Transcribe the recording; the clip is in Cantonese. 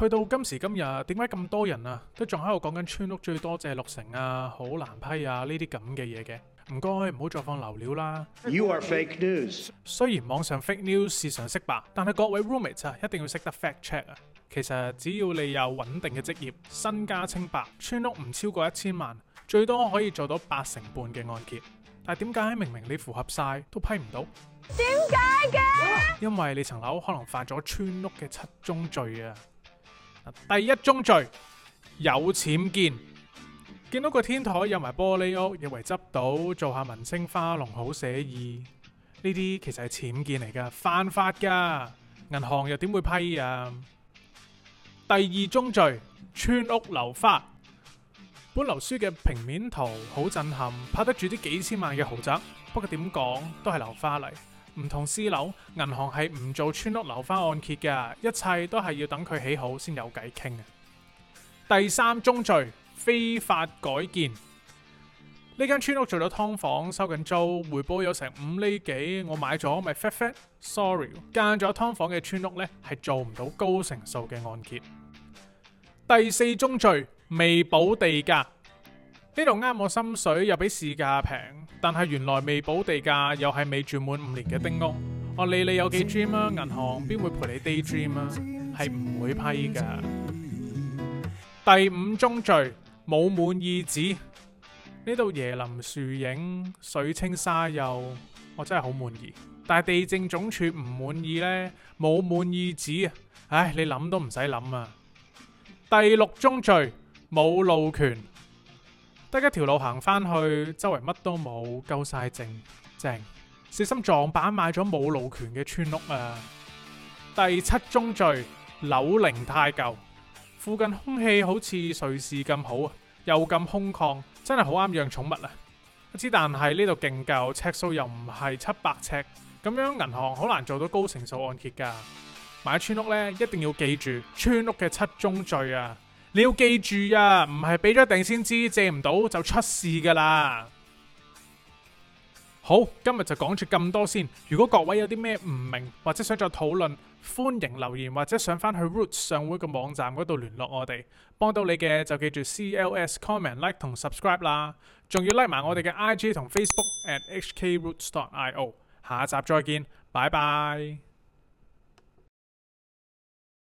去到今時今日，點解咁多人啊，都仲喺度講緊村屋最多淨係六成啊，好難批啊，呢啲咁嘅嘢嘅唔該，唔好再放流料啦。You are fake news，雖然網上 fake news 係常識吧，但係各位 roommates 啊，一定要識得 fact check 啊。其實只要你有穩定嘅職業、身家清白、村屋唔超過一千萬，最多可以做到八成半嘅按揭。但係點解明明你符合晒，都批唔到？點解嘅？因為你層樓可能犯咗村屋嘅七宗罪啊！第一宗罪，有僭建，見到個天台有埋玻璃屋，以為執到做下文青花籠好寫意，呢啲其實係僭建嚟噶，犯法噶，銀行又點會批啊？第二宗罪，村屋樓花。本樓書嘅平面圖好震撼，拍得住啲幾千萬嘅豪宅，不過點講都係樓花嚟。唔同私樓，銀行係唔做村屋樓花按揭嘅，一切都係要等佢起好先有計傾。第三宗罪，非法改建。呢間村屋做咗劏房，收緊租，回報有成五厘幾，我買咗咪 fat fat sorry 間咗㓥房嘅村屋呢係做唔到高成數嘅按揭。第四宗罪，未補地價。呢度啱我心水，又比市價平，但係原來未補地價，又係未住滿五年嘅丁屋。我理你有幾 dream 啊？銀行邊會陪你 day dream 啊？係唔會批㗎。第五宗罪，冇滿意紙。呢度椰林樹影、水清沙幼，我真係好滿意，但係地政總署唔滿意呢，冇滿意紙。唉，你諗都唔使諗啊。第六宗罪，冇路權。得一條路行返去，周圍乜都冇，夠曬靜靜。小心撞板，買咗冇路權嘅村屋啊！第七宗罪，樓齡太舊。附近空氣好似瑞士咁好啊，又咁空曠，真係好啱養寵物啊！只但係呢度勁舊，尺數又唔係七百尺，咁樣銀行好難做到高成數按揭㗎。買一村屋呢，一定要記住村屋嘅七宗罪啊！你要記住啊，唔係俾咗定先知借唔到就出事噶啦。好，今日就講住咁多先。如果各位有啲咩唔明或者想再討論，歡迎留言或者上翻去 Roots 上會個網站嗰度聯絡我哋。幫到你嘅就記住 CLS comment like 同 subscribe 啦。仲要 like 埋我哋嘅 IG 同 Facebook at HKRoots.io。下一集再見，拜拜。